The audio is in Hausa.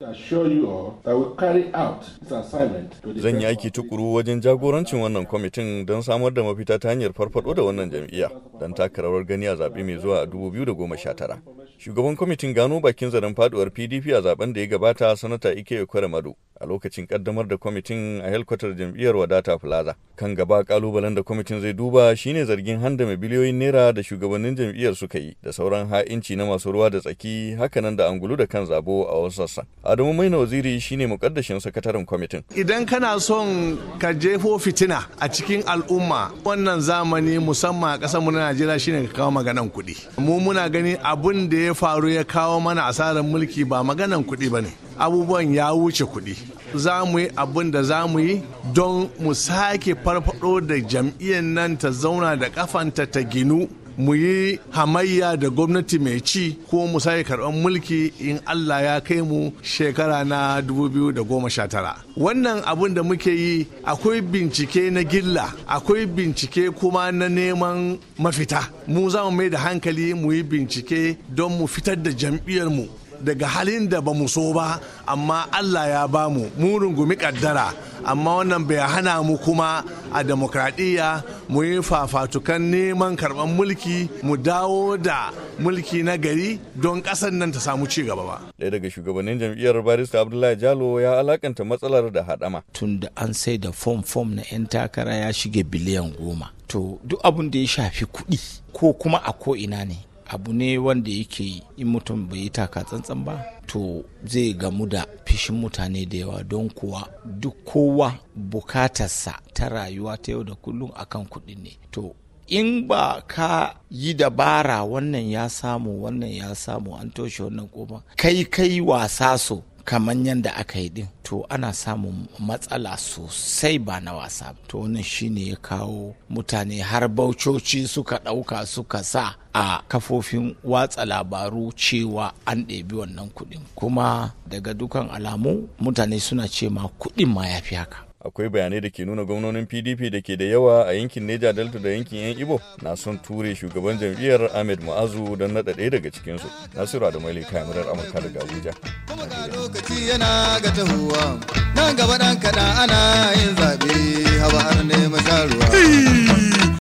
Zan yi aiki tukuru wajen jagorancin wannan kwamitin don samar da mafita ta hanyar farfado da wannan jam'iyya don taka rawar gani a zaɓe mai zuwa a 2019. Shugaban kwamitin gano bakin zaren faduwar PDP a zaben da ya gabata sanata Ike kware Madu a lokacin kaddamar da kwamitin a helkwatar jam'iyyar wadata plaza kan gaba kalubalen da kwamitin zai duba shine zargin handa mai biliyoyin naira da shugabannin jam'iyyar suka yi da sauran ha'inci na masu ruwa da tsaki hakanan da angulu da kan zabo a wasu sassa. adamu na waziri shine mukaddashin sakataren kwamitin idan kana son ka jefo fitina a cikin al'umma wannan zamani musamman a ƙasar mu na najeriya shine ka kawo maganan kuɗi mu muna gani abun da ya faru ya kawo mana asarar mulki ba maganan kuɗi bane abubuwan ya wuce kuɗi za mu yi abin da za mu yi don mu sake farfado da jam'iyyar nan ta zauna da kafanta ta ginu mu yi hamayya da gwamnati mai ci ko mu sake karɓar mulki in Allah ya kai mu shekara na 2019 wannan abin da muke yi akwai bincike na gilla akwai bincike kuma na neman mafita mu za mu mai da hankali mu yi bincike don mu fitar da jam'iyyar mu daga halin da ba mu so ba amma Allah ya ba mu mu rungumi kaddara amma wannan bai hana mu kuma a demokradiyya mu yi fafatukan neman karban mulki mu dawo da mulki na gari don ƙasar nan ta samu ci gaba ba. Ɗaya daga shugabannin jam'iyyar barista Abdullahi Jalo ya alakanta matsalar da haɗama. Tun da an sai da fom-fom na 'yan takara ya shige biliyan goma. To duk abin da ya shafi kuɗi ko kuma a ko ina ne abu ne wanda yake yi in mutum bai yi taka tsantsan ba to zai gamu da fishin mutane da yawa don kuwa duk kowa bukatarsa ta rayuwa ta yau da kullum akan kuɗi ne to in ba ka yi dabara wannan ya samu wannan ya samu an toshe wannan koma kai kai wasa so kamar yadda aka yi din to ana samun matsala sosai ba na wasa to wannan shine ya kawo mutane har baucoci suka ɗauka suka sa a kafofin watsa labaru cewa an ɗebi wannan kuɗin kuma daga dukan alamu mutane suna ce ma kuɗin ma ya fi haka akwai bayanai da ke nuna gwamnonin pdp da ke da yawa a yankin neja delta da yankin yan ibo na son ture shugaban jam'iyyar ahmed mu'azu don naɗa ɗaya daga cikinsu nasiru da maili kayan murar amurka daga abuja